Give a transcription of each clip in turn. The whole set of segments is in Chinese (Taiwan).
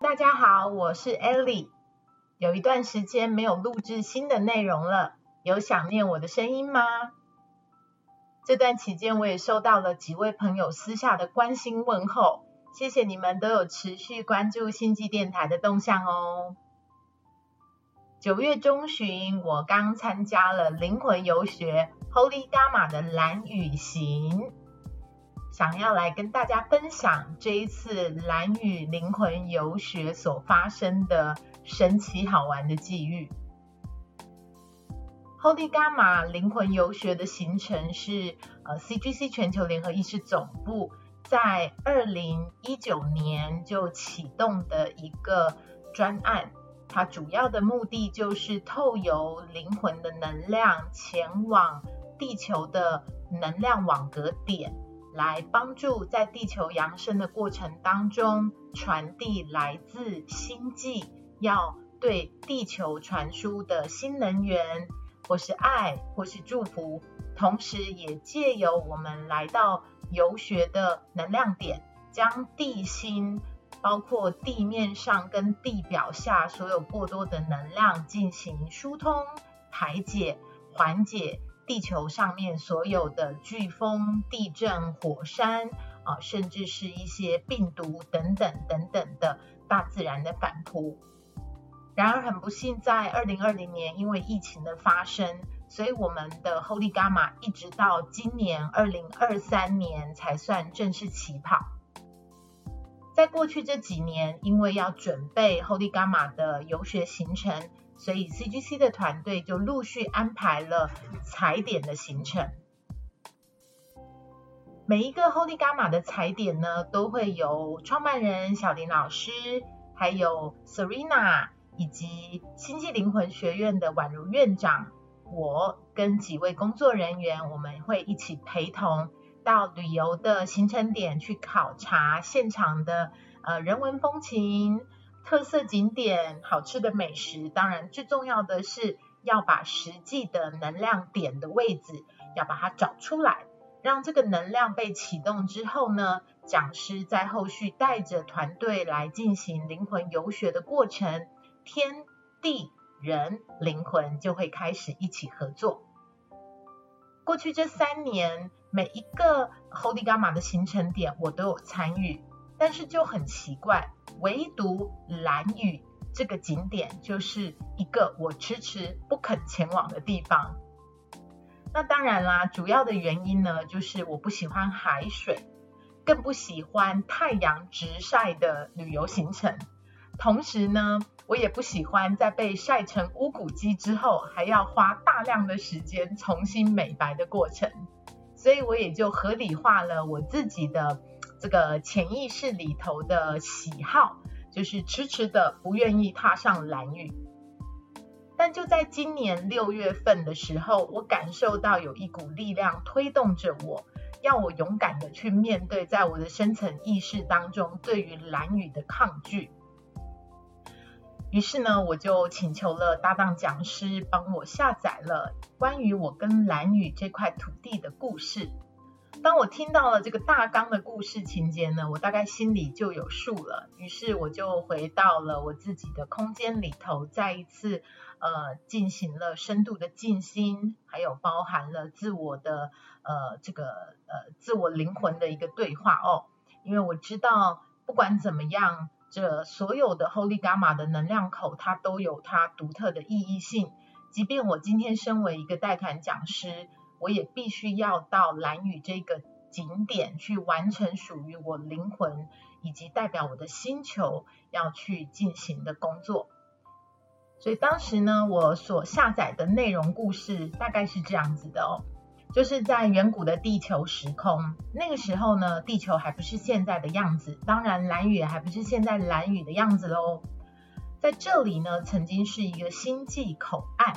大家好，我是 Ellie，有一段時間沒有錄製新的內容了，有想念我的聲音嗎？這段期間我也收到了幾位朋友私下的關心問候，謝謝你們都有持續關注星際電台的動向哦。九月中旬我剛參加了靈魂遊學 Holy Gamma 的蘭嶼行。想要來跟大家分享這一次蘭嶼靈魂遊學所發生的神奇好玩的際遇。Holy Gamma 靈魂遊學的行程是呃 CGC 全球聯合意識總部在二零一九年就啟動的一個專案，它主要的目的就是透由靈魂的能量前往地球的能量網格點，來幫助在地球揚升的過程當中，傳遞來自星際要對地球傳輸的新能源，或是愛，或是祝福，同時也借由我們來到遊學的能量點，將地心，包括地面上跟地表下所有過多的能量，進行疏通、排解、緩解。地球上面所有的颶風、地震、火山啊，甚至是一些病毒等等等等的大自然的反撲。然而很不幸，在二零二零年因為疫情的發生，所以我們的 Holy Gamma 一直到今年二零二三年才算正式起跑。在過去這幾年，因為要準備 Holy Gamma 的遊學行程。所以 CGC 的團隊就陸續安排了踩點的行程。每一個 Holy Gamma 的踩點呢，都會由創辦人小林老師，還有 Serena 以及星際靈魂學院的宛如院長，我跟幾位工作人員，我們會一起陪同到旅遊的行程點去考察現場的呃人文風情。特色景點、好吃的美食，當然最重要的是要把實際的能量點的位置要把它找出來，讓這個能量被啟動之後呢，講師在後續帶着團隊來進行靈魂遊學的過程，天地人靈魂就會開始一起合作。過去這三年，每一個 Holy Gamma 的行程點，我都有參與。但是就很奇怪，唯獨蘭嶼這個景點，就是一個我遲遲不肯前往的地方。那當然啦，主要的原因呢，就是我不喜歡海水，更不喜歡太陽直曬的旅遊行程。同時呢，我也不喜歡在被曬成烏骨雞之後，還要花大量的時間重新美白的過程。所以我也就合理化了我自己的。這個潛意識裡頭的喜好，就是遲遲的不願意踏上蘭嶼。但就在今年六月份的時候，我感受到有一股力量推動着我，要我勇敢的去面對，在我的深層意識當中對於蘭嶼的抗拒。於是呢，我就請求了搭檔講師，幫我下載了關於我跟蘭嶼這塊土地的故事。當我聽到了這個大綱的故事情節呢，我大概心裡就有數了。於是我就回到了我自己的空間裡頭，再一次，呃，進行了深度的靜心，還有包含了自我的，呃，這個，呃，自我靈魂的一個對話哦。因為我知道，不管怎麼樣，這所有的 Holy Gamma 的能量口，它都有它獨特的意義性。即便我今天身為一個帶團講師。我也必須要到蘭嶼這個景點去完成屬於我靈魂以及代表我的星球要去進行的工作。所以當時呢，我所下載的內容故事大概是這樣子的哦，就是在遠古的地球時空，那個時候呢，地球還不是現在的樣子，當然蘭嶼還不是現在蘭嶼的樣子嘍。在這裡呢，曾經是一個星際口岸，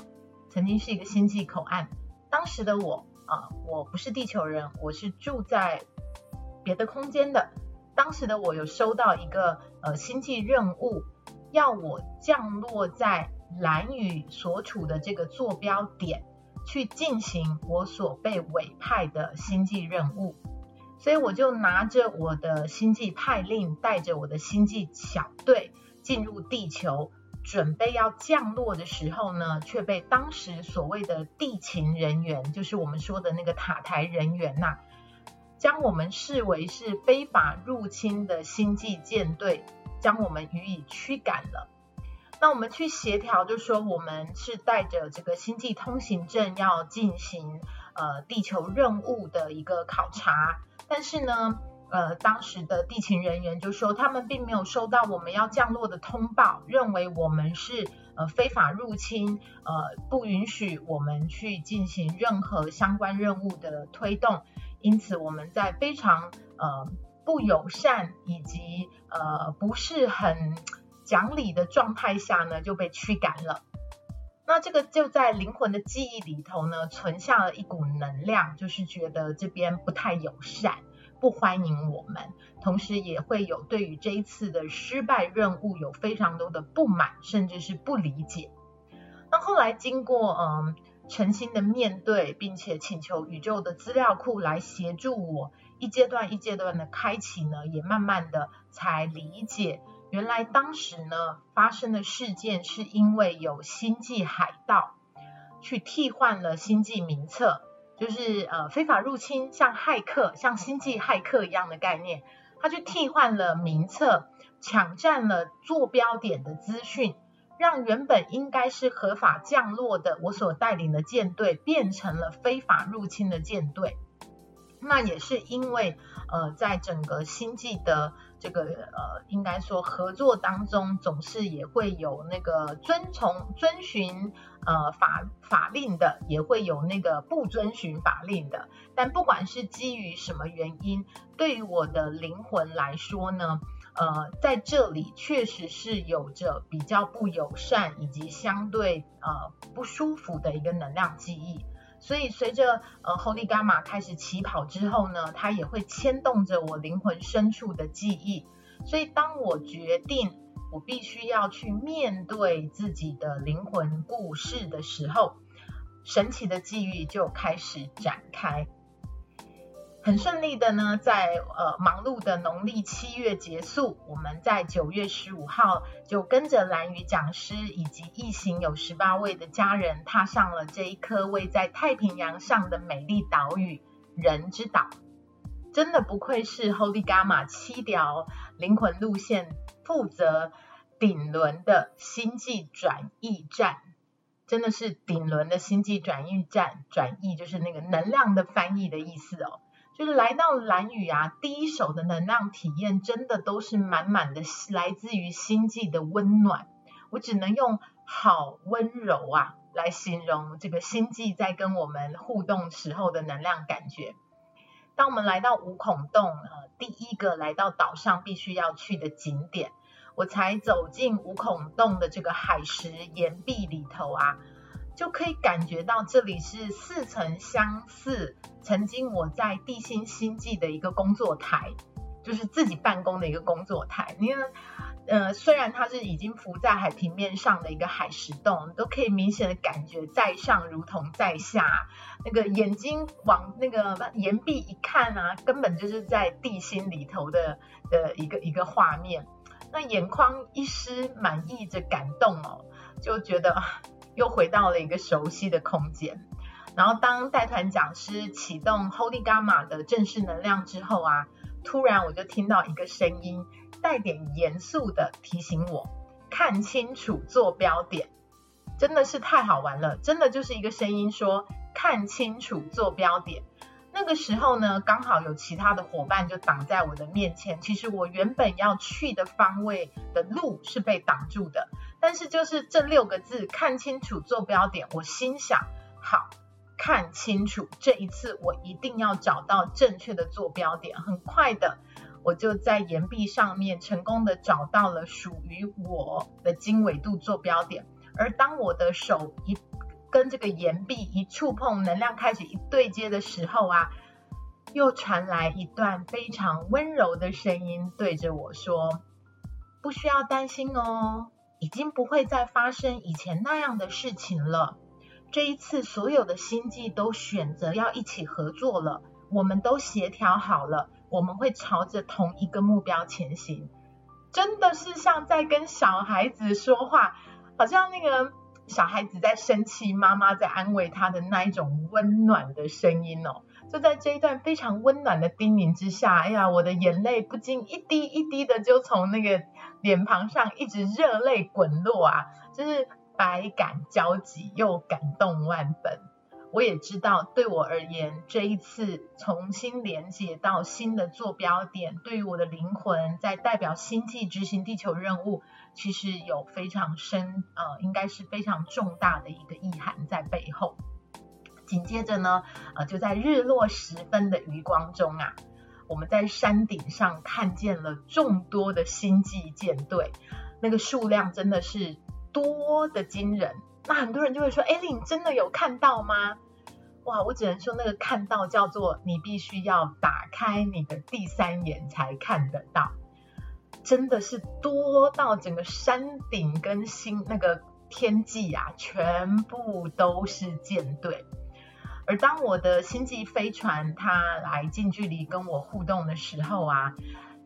曾經是一個星際口岸。當時的我啊、呃，我不是地球人，我是住在別的空間的。當時的我有收到一個呃星際任務，要我降落在蘭嶼所處的這個坐標點，去進行我所被委派的星際任務。所以我就拿着我的星際派令，帶着我的星際小隊進入地球。準備要降落的時候呢，卻被當時所謂的地勤人員，就是我們說的那個塔台人員吶啊，將我們視為是非法入侵的星際艦隊，將我們予以驅趕了。那我們去協調，就說我們是帶着這個星際通行證要進行呃地球任務的一個考察，但是呢。呃，當時的地勤人員就說，他們並沒有收到我們要降落的通報，認為我們是呃非法入侵，呃不允許我們去進行任何相關任務的推動，因此我們在非常呃不友善以及呃不是很講理的狀態下呢，就被驅趕了。那這個就在靈魂的記憶裡頭呢，存下了一股能量，就是覺得這邊不太友善。不歡迎我們，同時也會有對於這一次的失敗任務有非常多的不滿，甚至是不理解。那後來經過嗯誠心的面對，並且請求宇宙的資料庫來協助我，一階段一階段的開啟呢，也慢慢的才理解，原來當時呢發生的事件是因為有星際海盜去替換了星際名冊。就是呃非法入侵，像駭客，像星際駭客一樣的概念，他就替換了名冊，搶占了坐標點的資訊，讓原本應該是合法降落的我所帶領的艦隊，變成了非法入侵的艦隊。那也是因為，呃，在整個星際的這個呃，應該說合作當中，總是也會有那個遵從、遵循呃法法令的，也會有那個不遵循法令的。但不管是基於什麼原因，對於我的靈魂來說呢，呃，在這裡確實是有着比較不友善以及相對呃不舒服的一個能量記憶。所以，隨着呃，Holy Gamma 開始起跑之後呢，它也會牽動着我靈魂深處的記憶。所以，當我決定我必須要去面對自己的靈魂故事的時候，神奇的際遇就開始展開。很順利的呢，在呃忙碌的農曆七月結束，我們在九月十五號就跟着藍宇講師以及一行有十八位的家人，踏上了這一顆位在太平洋上的美麗島嶼——人之島。真的不愧是 Holy Gamma 七條靈魂路線負責頂輪的星際轉移站，真的是頂輪的星際轉運站，轉移就是那個能量的翻譯的意思哦。就是來到蘭嶼啊，第一手的能量體驗真的都是滿滿的，來自於星際的溫暖。我只能用“好溫柔啊”來形容這個星際在跟我們互動時候的能量感覺。當我們來到五孔洞，呃，第一個來到島上必須要去的景點，我才走進五孔洞的這個海蝕岩壁裡頭啊。就可以感覺到這裡是似曾相似，曾經我在《地心星際》的一個工作台，就是自己辦公的一個工作台。你看，呃，雖然它是已經浮在海平面上的一個海蝕洞，都可以明顯的感覺在上如同在下。那個眼睛往那個岩壁一看啊，根本就是在地心裡頭的的一個一個畫面。那眼眶一濕，滿溢着感動哦，就覺得。又回到了一個熟悉的空間，然後當帶團講師啟動 Holy Gamma 的正式能量之後啊，突然我就聽到一個聲音，帶點嚴肅的提醒我看清楚坐標點，真的是太好玩了，真的就是一個聲音說看清楚坐標點。那個時候呢，剛好有其他的夥伴就擋在我的面前，其實我原本要去的方位的路是被擋住的。但是就是這六個字，看清楚坐標點。我心想：好，看清楚這一次我一定要找到正確的坐標點。很快的，我就在岩壁上面成功的找到了屬於我的經緯度坐標點。而當我的手一跟這個岩壁一觸碰，能量開始一對接的時候啊，又傳來一段非常溫柔的聲音，對着我說：“不需要擔心哦。”已經不會再發生以前那樣的事情了。這一次，所有的星際都選擇要一起合作了，我們都協調好了，我們會朝着同一個目標前行。真的是像在跟小孩子說話，好像那個小孩子在生氣，媽媽在安慰他的那一種溫暖的聲音哦。就在這一段非常溫暖的叮嚀之下，哎呀，我的眼淚不禁一滴一滴的就從那個臉龐上一直熱淚滾落啊，就是百感交集又感動萬分。我也知道，對我而言，這一次重新連接到新的坐標點，對於我的靈魂，在代表星際執行地球任務，其實有非常深呃，應該是非常重大的一個意涵在背後。緊接着呢，呃，就在日落時分的餘光中啊。我們在山頂上看見了眾多的星際艦隊，那個數量真的是多得驚人。那很多人就會說：“哎、欸，你真的有看到嗎？”哇，我只能說那個看到叫做你必須要打開你的第三眼才看得到，真的是多到整個山頂跟星那個天際啊，全部都是艦隊。而當我的星際飛船它來近距離跟我互動的時候啊，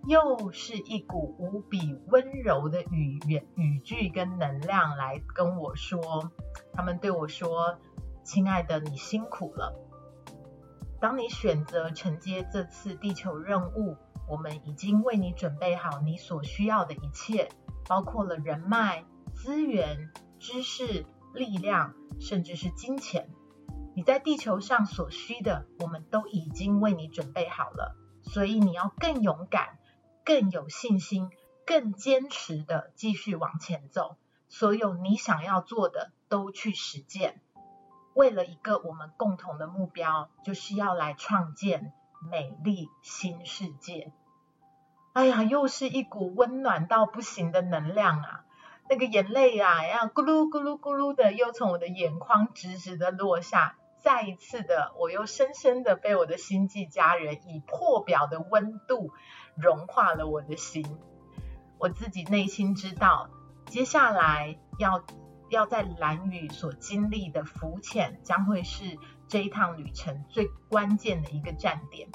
又是一股無比溫柔的語言、語句跟能量來跟我說，他們對我說：“親愛的，你辛苦了。當你選擇承接這次地球任務，我們已經為你準備好你所需要的一切，包括了人脈、資源、知識、力量，甚至是金錢。”你在地球上所需的，我們都已經為你準備好了，所以你要更勇敢、更有信心、更堅持的繼續往前走。所有你想要做的，都去實踐。為了一個我們共同的目標，就是要來創建美麗新世界。哎呀，又是一股溫暖到不行的能量啊！那個眼淚啊，要咕嚕咕嚕咕嚕的，又從我的眼眶直直的落下。再一次的，我又深深的被我的星際家人以破表的溫度融化了我的心。我自己內心知道，接下來要要在蘭嶼所經歷的浮潛，將會是這一趟旅程最關鍵的一個站點。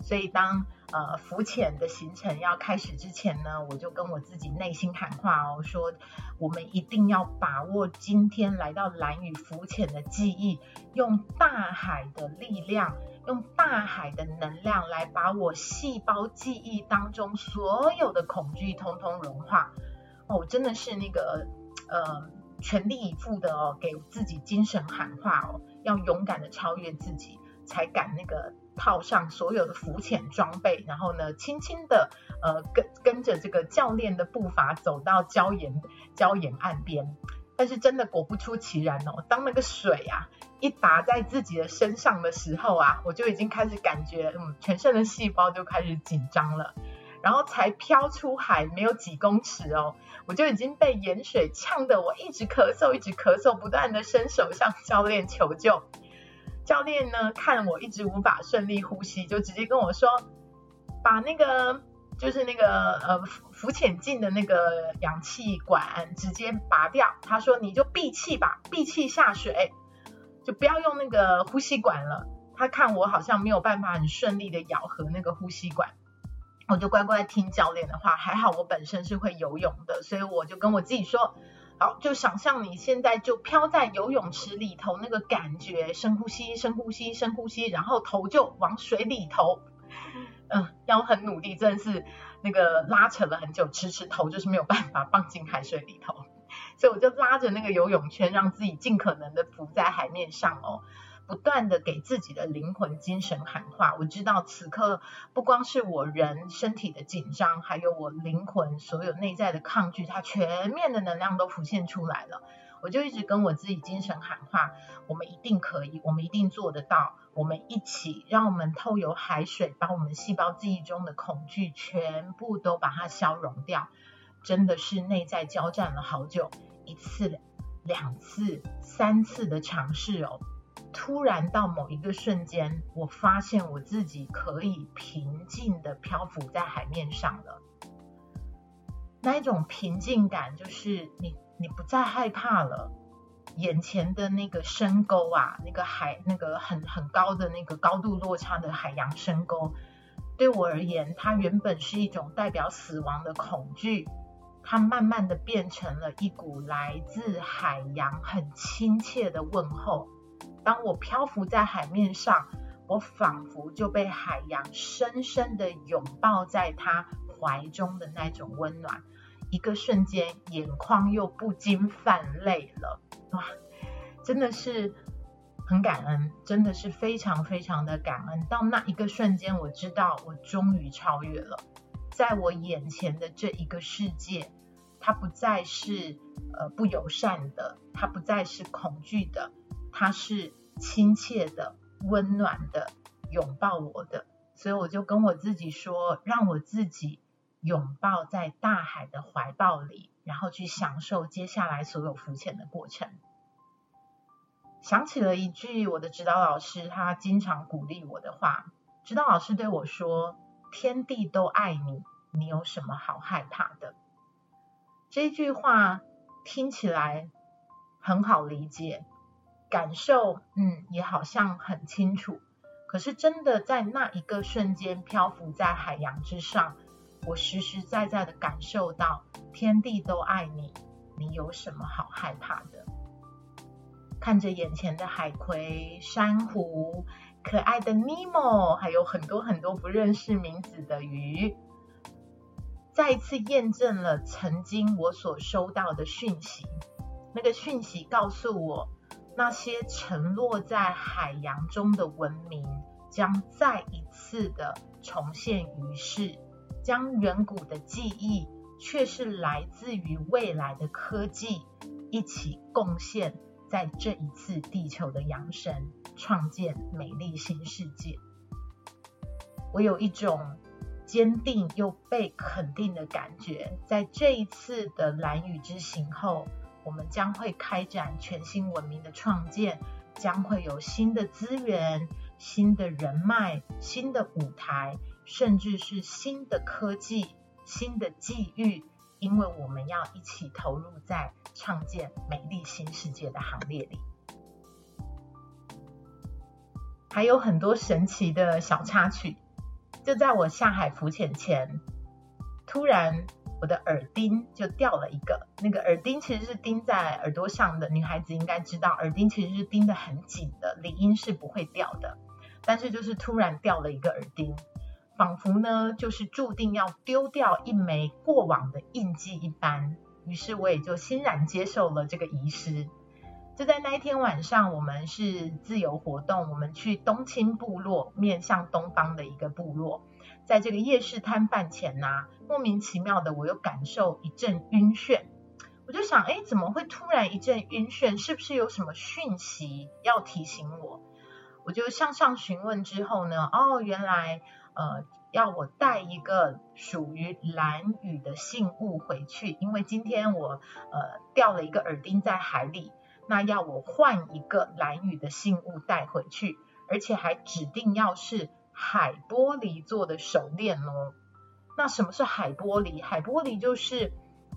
所以當呃，浮潛的行程要開始之前呢，我就跟我自己內心喊話哦，說我們一定要把握今天來到蘭嶼浮潛的記憶，用大海的力量，用大海的能量來把我細胞記憶當中所有的恐懼通通融化。哦，真的是那個呃，全力以赴的哦，給自己精神喊話哦，要勇敢的超越自己，才敢那個。套上所有的浮潛裝備，然後呢，輕輕的，呃，跟跟着這個教練的步伐走到礁岩礁岩岸邊。但是真的果不出其然哦，當那個水啊一打在自己的身上的時候啊，我就已經開始感覺，嗯，全身的細胞就開始緊張了。然後才漂出海沒有幾公尺哦，我就已經被鹽水嗆得，我一直咳嗽，一直咳嗽，不斷的伸手向教練求救。教練呢，看我一直無法順利呼吸，就直接跟我說，把那個就是那個呃浮潛鏡的那個氧氣管直接拔掉。他說你就閉氣吧，閉氣下水，就不要用那個呼吸管了。他看我好像沒有辦法很順利的咬合那個呼吸管，我就乖乖聽教練的話。還好我本身是會游泳的，所以我就跟我自己說。好，就想象你現在就飄在游泳池裡頭那個感覺，深呼吸，深呼吸，深呼吸，然後頭就往水裡頭，嗯，要很努力，真的是那個拉扯了很久，遲遲頭就是沒有辦法放進海水裡頭，所以我就拉着那個游泳圈，讓自己盡可能的浮在海面上哦。不斷地給自己的靈魂、精神喊話。我知道此刻不光是我人身體的緊張，還有我靈魂所有內在的抗拒，它全面的能量都浮現出來了。我就一直跟我自己精神喊話：我們一定可以，我們一定做得到。我們一起，讓我們透由海水，把我們細胞記憶中的恐懼全部都把它消融掉。真的是內在交戰了好久，一次、兩次、三次的嘗試哦。突然到某一個瞬間，我發現我自己可以平靜的漂浮在海面上了。那一種平靜感，就是你你不再害怕了。眼前的那個深溝啊，那個海，那個很很高的那個高度落差的海洋深溝，對我而言，它原本是一種代表死亡的恐懼，它慢慢的變成了一股來自海洋很親切的問候。當我漂浮在海面上，我仿佛就被海洋深深的擁抱在它懷中的那種溫暖，一個瞬間，眼眶又不禁泛淚了。哇，真的是很感恩，真的是非常非常的感恩。到那一個瞬間，我知道我終於超越了，在我眼前的這一個世界，它不再是呃不友善的，它不再是恐懼的。他是親切的、溫暖的、擁抱我的，所以我就跟我自己說，讓我自己擁抱在大海的懷抱裡，然後去享受接下來所有浮潛的過程。想起了一句我的指導老師他經常鼓勵我的話，指導老師對我說：“天地都愛你，你有什麼好害怕的？”這句話聽起來很好理解。感受，嗯，也好像很清楚。可是，真的在那一個瞬間，漂浮在海洋之上，我實實在在的感受到天地都愛你，你有什麼好害怕的？看着眼前的海葵、珊瑚、可愛的尼莫，還有很多很多不認識名字的魚，再一次驗證了曾經我所收到的訊息。那個訊息告訴我。那些沉落在海洋中的文明，將再一次的重現於世，將遠古的記憶，卻是來自於未來的科技，一起貢獻在這一次地球的揚升，創建美麗新世界。我有一種堅定又被肯定的感覺，在這一次的蘭嶼之行後。我們將會開展全新文明的創建，將會有新的資源、新的人脈、新的舞臺，甚至是新的科技、新的機遇，因為我們要一起投入在創建美麗新世界的行列裡。還有很多神奇的小插曲，就在我下海浮潛前，突然，我的耳釘就掉了一個，那個耳釘其實是釘在耳朵上的，女孩子應該知道，耳釘其實是釘得很緊的，理應是不會掉的。但是就是突然掉了一個耳釘，仿佛呢就是注定要丟掉一枚過往的印記一般。於是我也就欣然接受了這個儀式。就在那一天晚上，我們是自由活動，我們去東清部落，面向東方的一個部落。在這個夜市攤販前吶、啊，莫名其妙的我又感受一陣暈眩，我就想，哎，怎麼會突然一陣暈眩？是不是有什麼訊息要提醒我？我就向上詢問之後呢，哦，原來呃要我帶一個屬於蘭嶼的信物回去，因為今天我呃掉了一個耳釘在海裡，那要我換一個蘭嶼的信物帶回去，而且還指定要是。海玻璃做的手鏈哦，那什麼是海玻璃？海玻璃就是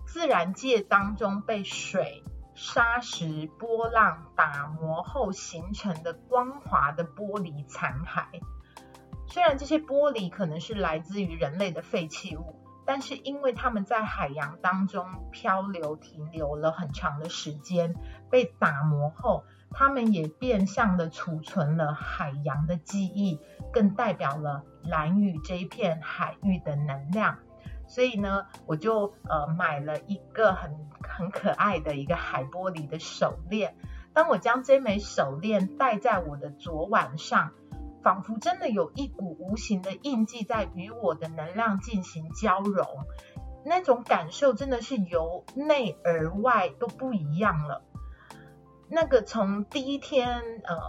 自然界當中被水、沙石、波浪打磨後形成的光滑的玻璃殘骸。雖然這些玻璃可能是來自於人類的廢棄物，但是因為它們在海洋當中漂流停留了很長的時間，被打磨後。他們也變相的儲存了海洋的記憶，更代表了蘭嶼這一片海域的能量。所以呢，我就呃買了一個很很可愛的一個海玻璃的手鏈。當我將這枚手鏈戴在我的左腕上，仿佛真的有一股無形的印記在與我的能量進行交融，那種感受真的是由內而外都不一樣了。那個從第一天，呃，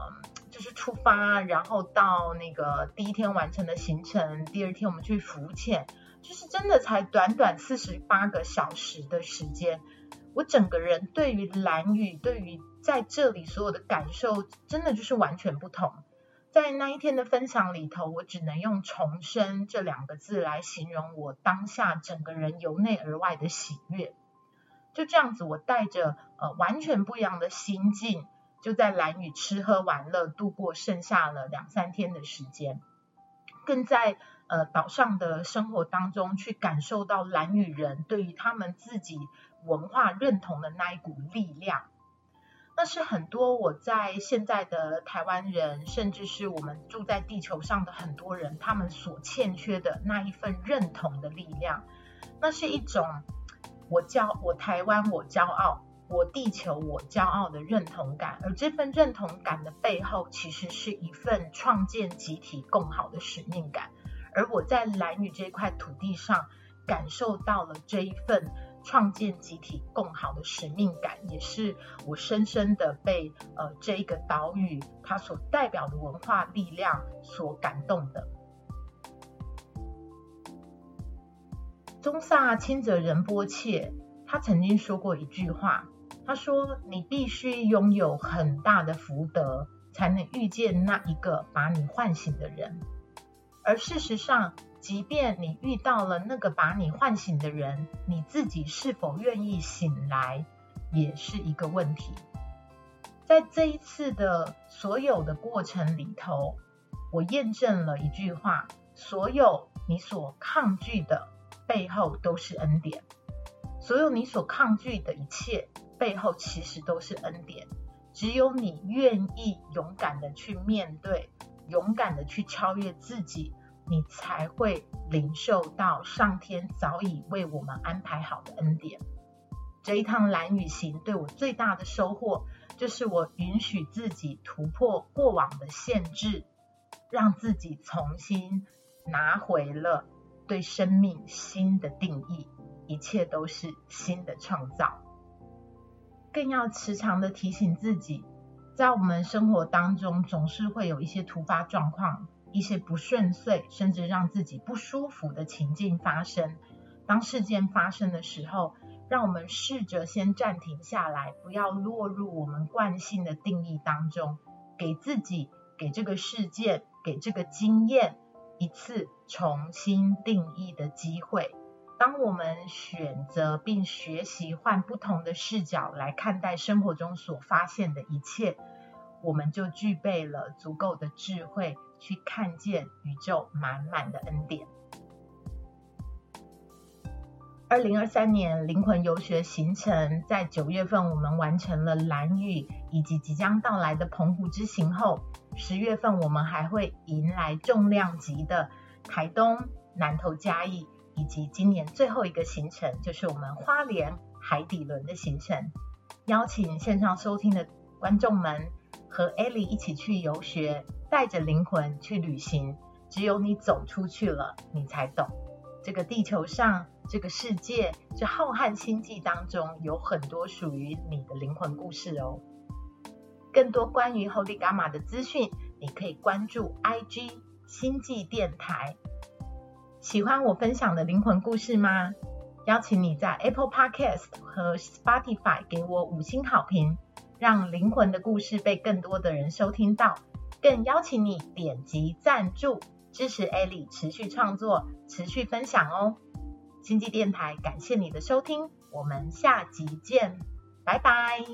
就是出發，然後到那個第一天完成的行程，第二天我們去浮潛，就是真的才短短四十八個小時的時間，我整個人對於蘭嶼，對於在這裡所有的感受，真的就是完全不同。在那一天的分享裡頭，我只能用重生這兩個字來形容我當下整個人由內而外的喜悅。就這樣子，我帶着呃完全不一樣的心境，就在蘭嶼吃喝玩樂度過剩下的兩三天的時間，更在呃島上的生活當中，去感受到蘭嶼人對於他們自己文化認同的那一股力量。那是很多我在現在的台灣人，甚至是我們住在地球上的很多人，他們所欠缺的那一份認同的力量。那是一種。我驕，我台灣，我驕傲；我地球，我驕傲的認同感，而這份認同感的背後，其實是一份創建集體共好的使命感。而我在蘭嶼這塊土地上，感受到了這一份創建集體共好的使命感，也是我深深的被呃這一個島嶼它所代表的文化力量所感動的。宗薩欽哲仁波切，他曾經說過一句話：“他說，你必須擁有很大的福德，才能遇見那一個把你喚醒的人。而事實上，即便你遇到了那個把你喚醒的人，你自己是否願意醒來，也是一個問題。”在這一次的所有的過程裡頭，我驗證了一句話：所有你所抗拒的。背後都是恩典，所有你所抗拒的一切背後其實都是恩典。只有你願意勇敢的去面對，勇敢的去超越自己，你才會領受到上天早已為我們安排好的恩典。這一趟蘭嶼行對我最大的收穫，就是我允許自己突破過往的限制，讓自己重新拿回了對生命新的定義，一切都是新的創造。更要時常的提醒自己，在我們生活當中，總是會有一些突發狀況，一些不順遂，甚至讓自己不舒服的情境發生。當事件發生的時候，讓我們試着先暫停下來，不要落入我們慣性的定義當中，給自己，給這個事件，給這個經驗，一次重新定義的機會。當我們選擇並學習換不同的視角來看待生活中所發現的一切，我們就具備了足夠的智慧去看見宇宙滿滿的恩典。二零二三年靈魂遊學行程，在九月份我們完成了蘭嶼以及即將到來的澎湖之行後，十月份我們還會迎來重量級的台東南投嘉義，以及今年最後一個行程就是我們花蓮海底輪的行程。邀請線上收聽的觀眾們和艾莉一起去遊學，帶着靈魂去旅行。只有你走出去了，你才懂這個地球上。這個世界，這浩瀚星際當中，有很多屬於你的靈魂故事哦。更多關於 Holy Gamma 的資訊，你可以關注 IG 星際電台。喜歡我分享的靈魂故事嗎？邀請你在 Apple Podcast 和 Spotify 給我五星好評，讓靈魂的故事被更多的人收聽到。更邀請你點擊贊助，支持 Ali 持續創作、持續分享哦。星際電台，感謝你的收聽，我們下集見，拜拜。